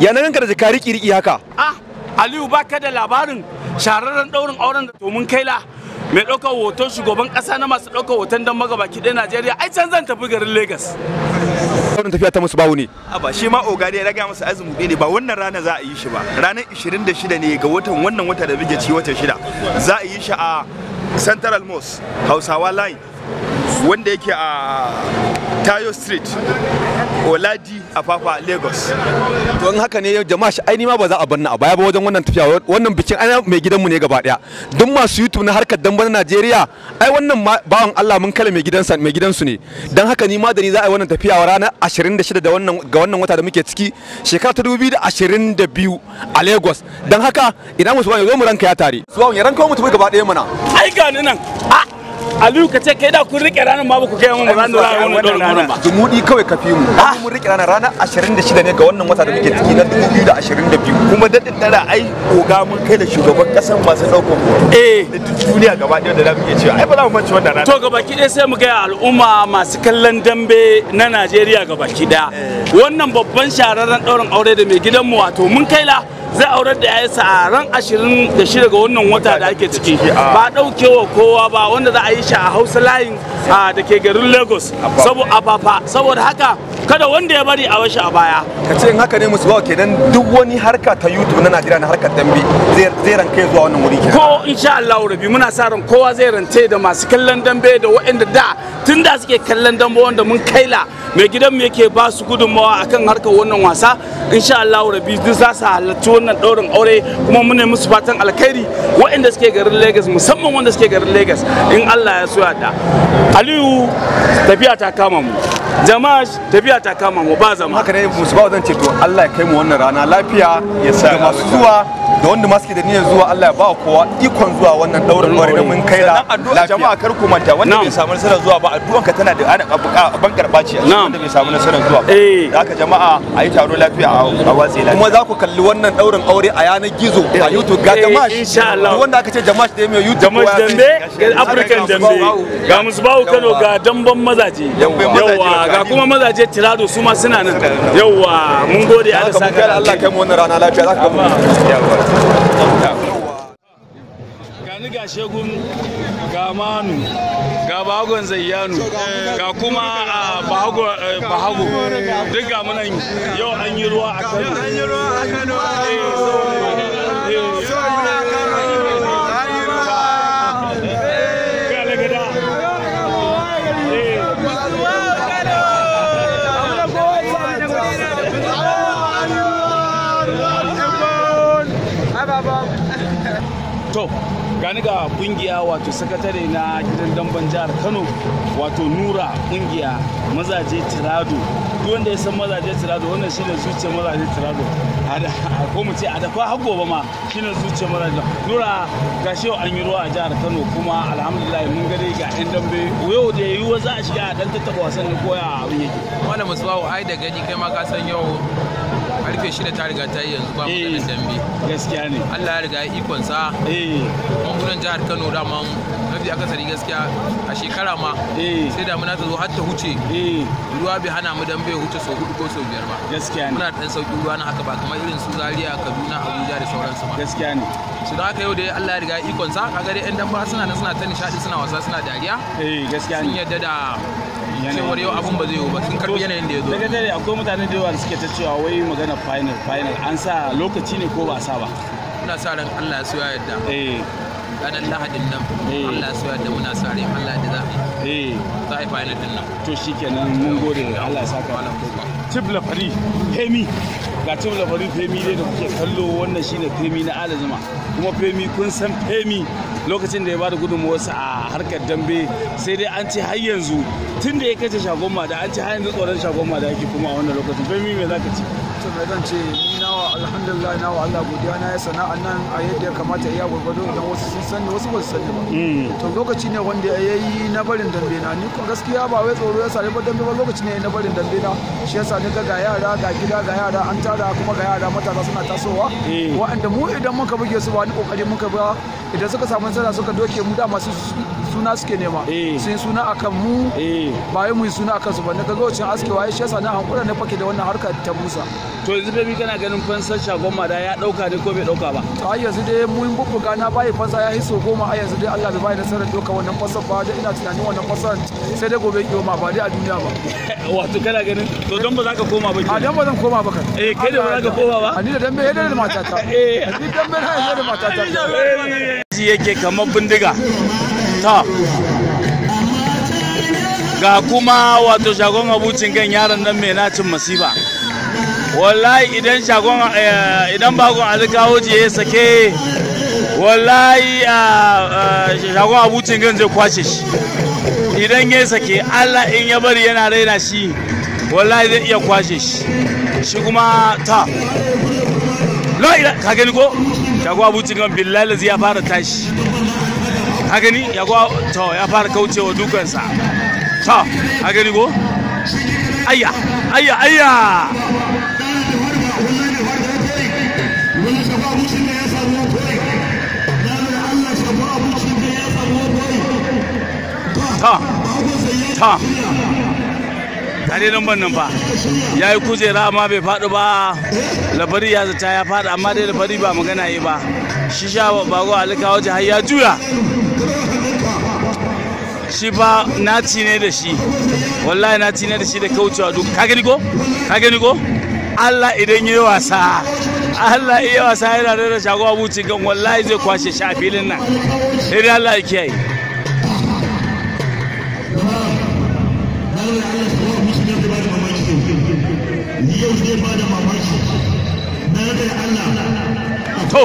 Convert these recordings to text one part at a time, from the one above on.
ya nan ka da jaka riki riki haka ah aliyu baka da labarin shahararren daurin auren da domin kaila mai ɗaukar hoton shugaban ƙasa na masu ɗaukar hoton don magabaki ɗaya najeriya ai can zan tafi garin lagos wannan tafiya ta musu bawu ne ba shi ma ogari ya raga musu azumi ɗaya ne ba wannan rana za a yi shi ba ranar 26 ne ga watan wannan wata da muke ci wata shida za a yi shi a central mosque hausawa line wanda yake a tayo street oladi afafa lagos To in haka ne jama'a shi aini ma ba za a banna a baya ba wajen wannan tafiya wannan bikin ana mai gidanmu ne gaba daya duk masu youtube na harkar damba na najeriya ai wannan bawan allah mun kala mai gidansa mai gidansu ne don haka ni ma da ni za a yi wannan tafiya ranar 26 da wannan ga wannan wata da muke ciki shekara ta 2022 a lagos don haka idan musu ba ne zo mu ranka ya tare su ya ranka tafi gaba daya mana ai ga ni nan a ah! aliyu ka ce kai da kun rike ranar ma ba ku kai mun ranar ranar ba jumudi kawai ka fi mu mun rike ranar ranar 26 ne ga wannan wata da muke ciki na 2022 kuma da daddara ai koga mun kai da shugaban kasar masu daukar eh da duniya gaba ɗaya da za mu iya cewa ai ba za mu manci wannan ranar to gabaki dai sai mu ga al'umma masu kallon dambe na Najeriya gabaki da eh. wannan babban shahararren daurin aure da mai mu wato mun kai la. zai aurar da yayansa a ran 26 ga wannan wata da ake ciki ba daukewa kowa ba wanda za a yi shi a Hausa layin da ke garin Lagos saboda haka kada wanda ya bari a washe a baya ka ce in haka ne musu bawa kenan duk wani harka ta youtube na najeriya na harkar dambe zai kai zuwa wannan wuri ko insha Allah rabi muna sa ran kowa zai rante da masu kallon dambe da waɗanda da tun da suke kallon dambe wanda mun kaila mai gidan mu yake ba su gudunmawa akan harkar wannan wasa insha Allah rabi duk za su halarci wannan daurin aure kuma mun ne musu fatan alkhairi waɗanda suke garin Lagos musamman wanda suke garin Lagos in Allah ya so ya da Aliyu tafiya ta kama mu jama'a tafiya ta kama mu ba zama haka ne musu ba zan ce to Allah ya kai mu wannan rana lafiya ya sa ga masu zuwa da wanda ma da niyyar zuwa Allah ya ba kowa ikon zuwa wannan daurin kwari da mun kai da lafiya jama'a kar ku manta wanda bai samu nasara zuwa ba addu'an ka tana da ban karba ce wanda bai samu nasara zuwa ba eh. haka jama'a a yi taro lafiya a watsi lafiya kuma za ku kalli wannan daurin aure a yanar gizo a eh. YouTube ga eh, jama'a insha Allah wanda aka ce jama'a da mai YouTube jama'a dambe African dambe ga bawo Kano ga damban mazaje yawa ga kuma mazaje tirado su ma suna nan yauwa mun gode sa ka Allah kai mu wannan rana lafiya zaka ga mu ga ni ga shegun ga manu ga bahagon zayyanu ga kuma ah, eh, bahago duk ga munan yau an yi ruwa a kano eh, to gani ga kungiya wato sakatare na gidan damban jihar kano wato nura kungiya mazaje tirado duk wanda ya san mazaje tirado wannan shine zuciyar mazaje tirado ko mu ce a da har gobe ma shine zuciyar mazaje nura ga shi an yi ruwa a jihar kano kuma alhamdulillah mun gare ga yan dambe yau da wa za a shiga a dan tattaba wasan koya a abin yake wannan musuwa ai da gani kai ma ka san yau karfe shida ta riga ta yi yanzu ba mu da eh, dambe gaskiya ne Allah ya riga ya ikon sa eh gwamnatin jihar Kano da man mafi akasari gaskiya a shekara ma eh. sai da ta zo har ta huce eh. ruwa bai hana mu dambe ya huce sau hudu ko sau biyar ba gaskiya ne muna dan sauki ruwa na haka ba kamar irin su Zaria Kaduna Abuja da sauransu ba gaskiya ne su da haka yau da Allah ya riga ikon sa kaga dai yan ba suna nan suna ta nishadi suna wasa suna dariya eh gaskiya ne sun yadda da cewar yau abun ba zai yiwu ba sun karbi yanayin da ya zo daga dare akwai mutane da yawa da suke ta cewa wai magana final final an sa lokaci ne ko ba sa ba muna sa ran Allah ya so ya yarda eh ranar lahadin nan eh. Allah so yadda muna sa rai Allah da za a yi eh. za a yi final din nan to shikenan mun gode Allah ya saka wannan kofa tibla fari hemi ga cin labarin femi dai da kuke kallo wannan shine femi na alazuma kuma femi kun san femi lokacin da ya bada gudunmawarsa a harkar dambe sai dai an ce har yanzu tun da ya kace shagon da an ce har yanzu tsoron shagon da ake kuma a wannan lokacin femi me ka ce to mai zan ce ni nawa alhamdulillah nawa Allah godiya na ya sana'a nan a yadda ya kamata iya gwargwado idan wasu sun sani wasu ba su sani ba mm. to lokaci ne wanda ya yi na barin dambe na ni gaskiya ba wai tsoro ya sani ba dambe ba lokaci ne na barin dambe na shi yasa ni ga yara ga gida ga yara an tara kuma ga yara matasa suna tasowa mm. wa'anda mu idan muka buge su ba ni kokari muka ba idan suka samu nasara suka doke mu da masu suna suke nema eh. sun suna akan mu eh. ba yi mun suna akan su ba na kaga wacin waye shi yasa na hankula ne fake da wannan harka ta musa to yanzu bebi kana ganin fansar shagon da ya dauka ne ko bai dauka ba to ai yanzu dai mun bubbuga na bai fansa ya hiso goma a yanzu dai Allah bai bai nasarar doka wannan fansar ba da ina tunanin wannan fansar sai dai gobe ma ba dai a duniya ba wato kana ganin to don ba za ka koma ba a don ba zan koma ba kan eh kai da ba za ka koma ba ni da dambe ya da matata eh ni dambe bai ya da matata ji eh. yake kamar bindiga ta ga kuma wato shagon abu kan yaran nan mai nacin masifa wallahi idan shagon eh, idan bakon alkawoji ya sake wallahi ah, ah, shagon abu kan zai kwace shi idan ya sake allah in ya bari yana raina shi wallahi zai iya kwashe shi shi kuma ta la'ila ka gani ko shagon abu kan billahi ya fara tashi ka gani ya gwa to ya fara kaucewa dukansa to ka gani go ayya ayya ayya ta ta tare nan ban nan fa ya yi kujera amma bai faɗi ba labari ya zata ya faɗi amma dai labari ba magana yi ba shi sha ba alika waje har ya juya shi ba na cine da shi wallahi na cine da shi da kaucewa duk ka gani ko ka gani ko Allah idan yayi wasa Allah iya wasa yana da shago abuci gan wallahi zai kwashe shi a filin nan idan Allah ya kiyaye to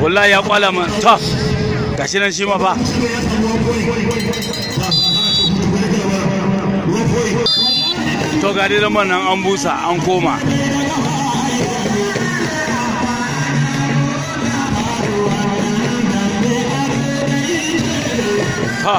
ولا ya kwala ma ta gashi nan shi ma fa. To ga dai nan an busa an koma. Ha.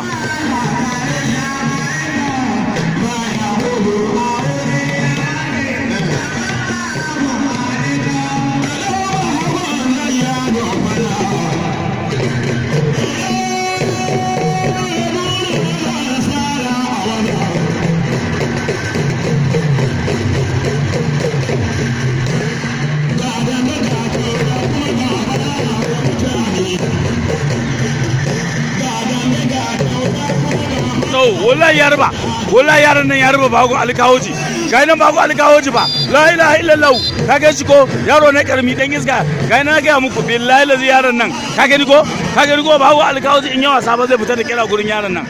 wallahi ya raba wallahi yaran nan ya raba bago alkawoji ga nan bago alkawoji ba la ilaha illallah ka ga shi ko yaro na karmi dan iska ga na ga muku billahi lazi yaran nan ka gani ko ka gani ko bago alkawoji in yawa saba zai fita da kira gurin yaran nan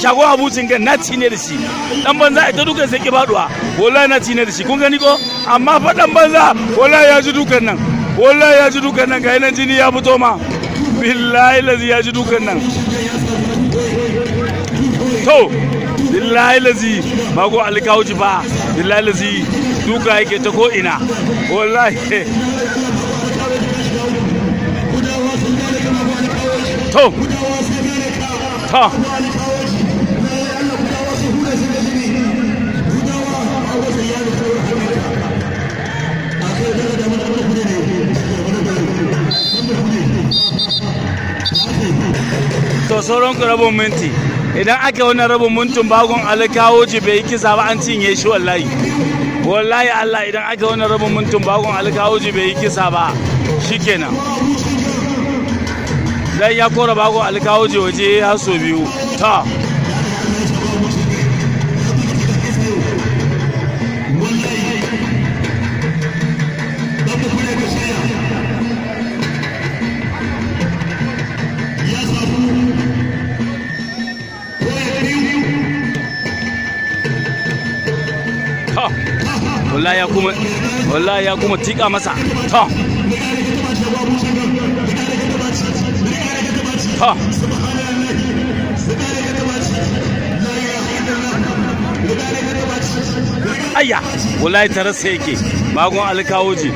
shago abucin gan na ne da shi dan banza ita dukan sai ki baduwa wallahi na ne da shi kun gani ko amma fa dan banza wallahi ya ji dukan nan wallahi ya ji dukan nan ga nan jini ya fito ma billahi lazi ya ji dukan nan to billahi lazi mago alkawuci fa billahi lazi duka yake ta ko ina wallahi to to to sauran rabon minti idan aka wani rabin muntun bagon alkawo ji bai kisa ba an cinye shi wallahi wallahi Allah idan aka wani rabin muntun bagon alkawo ji bai kisa ba shikenan dan ya kora bagon alkawo ji waje ya so biyu ta wallahi ya kuma wallahi ya kuma tika masa to Aya, ayya wallahi tarasa yake magon alkawoji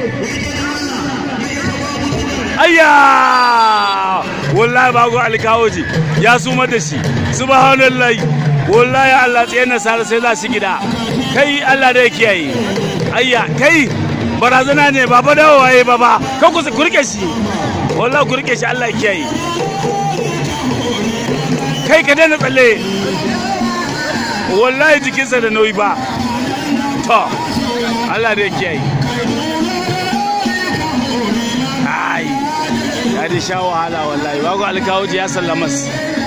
Aya, wallahi magon alkawoji ya su da shi subhanallahi wallahi Allah tsaye nasara sai za shi gida kai Allah da kiyaye ayya kai barazana ne baba dawo waye baba kan ku rike shi wallahi rike shi Allah kiyaye kai ka daina tsalle wallahi jikinsa da nauyi ba to Allah da yi ai ya da sha wahala wallahi bago alkawuji ya sallamas